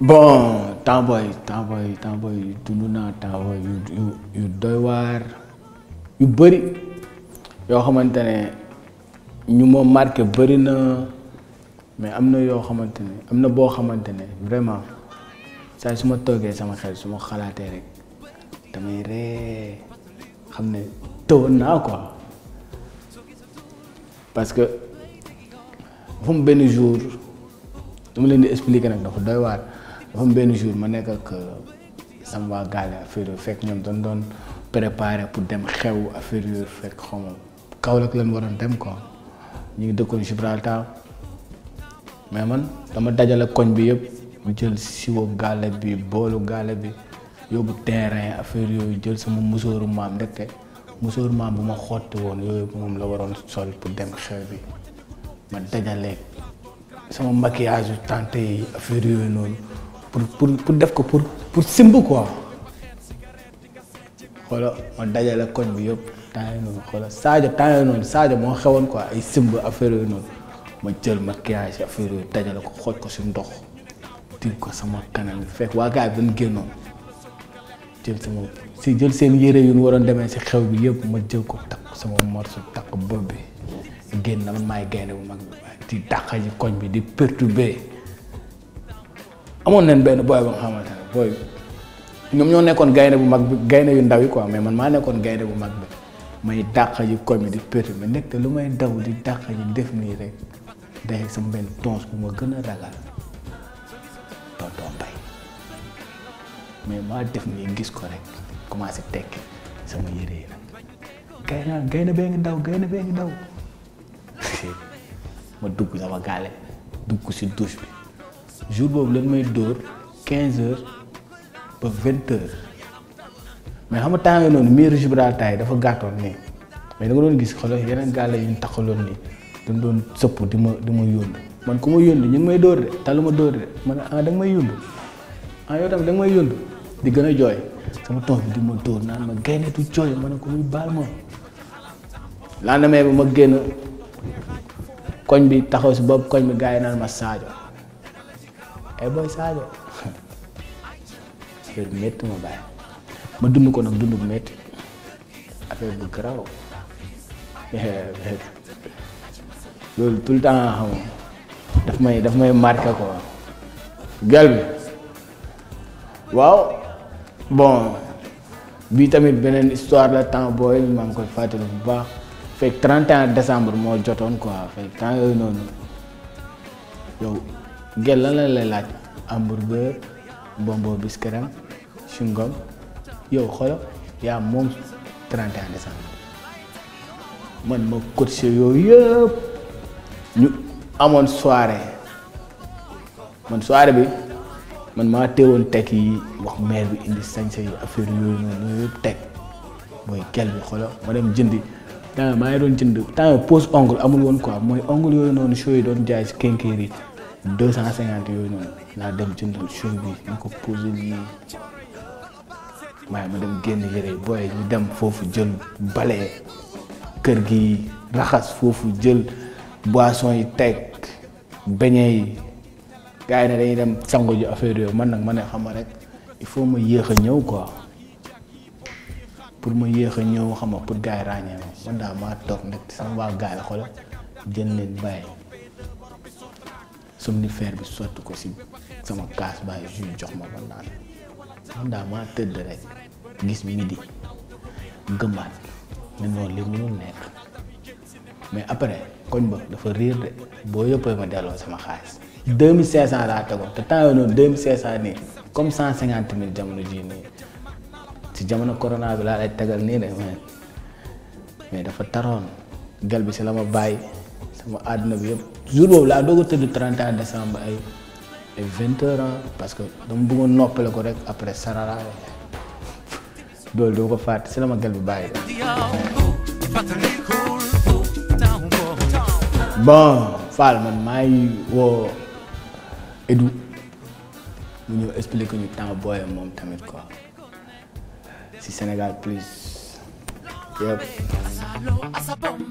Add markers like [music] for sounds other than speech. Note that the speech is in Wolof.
Bon, tamboy, tamboy, tamboy, Toulouna, tamboy, yu yu doy waar yu bëri yoo xamante ne ñu ma marqué bari na mais am na yoo xamante ne am na boo xamante ne vraiment saa su ma toogee sama xel su ma xalaatee rek damay ree xam ne tëwoon naa quoi parce que dafa am benn jour dama leen di expliquer nag dafa doy waar. dafa am benn jour ma nekk ak euh, sama waa gaale affaire fekk ñoom doon doon préparé pour dem xew affaire yooyu fekk xaw ma Kaolack lañ waroon dem ko ñu ngi dëkkoon Gibraltar mais man dama dajale koñ bi yëpp mu jël siwo gaale bi boolu gaale bi yóbbu terrain affaire yooyu jël sama musóoru maam ndekke musóoru maam bu ma xotti woon yooyu moom la waroon sol pour dem xew bi ma dajale sama maquillage tante yi affaire yooyu noonu. pour pour pour def ko pour pour simbu quoi xoola ma dajala koñ bi yop temps yooyu noonu xoola Sadio temps yooyu Sadio moo xewoon quoi ay simbu affaire yo non ma jël maquillage affaire yo dajale ko xoj ko sun dox tiim ko sama kanam fek wa gaay dañu gennon génnoon jël sama si jël seen yere yu waron demé ci xew bi yëpp ma jël ko tak sama morceau tak bopp bi génn man maay gaynde bu mag di takaji ji koñ bi di perturber amoon nañ benn booy ba nga xamante ne booy ñoom ñoo nekkoon gaynde bu mag bi gaynde yu ndaw yi quoi mais man maa nekkoon gaynde bu mag bi may dàq ji comédie pété mais nekk lu may daw di dàq ji def nii rek sama benn tons bu ma gën a ragal tonton def nii gis ko rek commencé tekki sama yére gaynde bee ngi daw gaynde bee daw [laughs] ma dugg sama gaale dugg si douche bi jour boobu lan may dóor quinze heures ba vingt heures mais xam nga temps yooyu noonu miiru Gibraltar yi dafa gàttoon nii mais da nga doon gis xoolal yeneen gàll yi ñu taxaloon nii dañ doon sëpp di ma di ma yónd man ku ma yónd ñu ngi may dóor de talu ma dóor de man ah da may yónd ah yow tamit da may yónd di gën a jooy sama tool bi di ma dóor naan ma gaynde du jooy ma ne ko muy baal ma lendemain bi ma génn koñ bi taxaw si boobu koñ bi gars yi naan ma Sadio ay booy Sadio [laughs] affaire bi métti ma dund ko nag dund bu métti affaire bu garaaw [laughs] loolu tout le temps nga may daf may marqué ko gel bi waaw bon bii tamit beneen histoire la temps booy maa ngi koy fàttali bu baax fekk 31 décembre moo jotoon quoi fekk temps yooyu noonu yow. gel lan la lay laaj hamburger bonbon biscaram chewing-gum yow xolo yaa moom 31 décembre man ma coaché yooyu yëpp ñu amoon soirée man soirée bi man maa teewoon teg yi wax maire bi indi sañse yi affaire yooyu noonu yëpp teg mooy gel bi xolo ma dem maa ngi doon jënd temps pose ongle amul woon quoi mooy ongle yooyu noonu show yi doon jaay si kénkéer yi deux cent cinquante yooyu noonu laa dem jëndal show bi ñu ko posé lii waaye ma dem génn yére booy ñu dem foofu jël bale kër gi raxas foofu jël boisson yi teg beñe yi gars yi ne dañuy dem sangu ji affaire yooyu man nag ma ne xam ma rek il faut ma yéex a ñëw ko pour ma yéex a ñëw xam nga pour gars yi ràññee ma man daal maa toog nag sama waa gars yi xoolal jël leen bàyyi. somnifère bi sotti ko si sama kaas bàyyi jus jox ma ma naan man daal maa tëdd rek gis midi gëmmaat ne noonu li mënul nekk mais après koñ ba dafa riir de boo yëppee ma delloo sama xaalis 2500 laa tegoon te temps yooyu noonu 2500 nii comme 150 000 jamono jii nii si jamono corona bi laa lay tegal nii de mais dafa taroon gel bi si la ma bàyyi sama àdduna bi yëpp jour boobu laa doog a tëdd 31 décembre ay ay vingt heures hein, parce que dama bëggoon noppale ko rek après sarara loolu doo ko fàtte si la ma gel bi bàyyi bon Fall man maa ngi woo Edu mu ñëw expliquer ñu temps booyam moom tamit quoi si Sénégal plus yëpp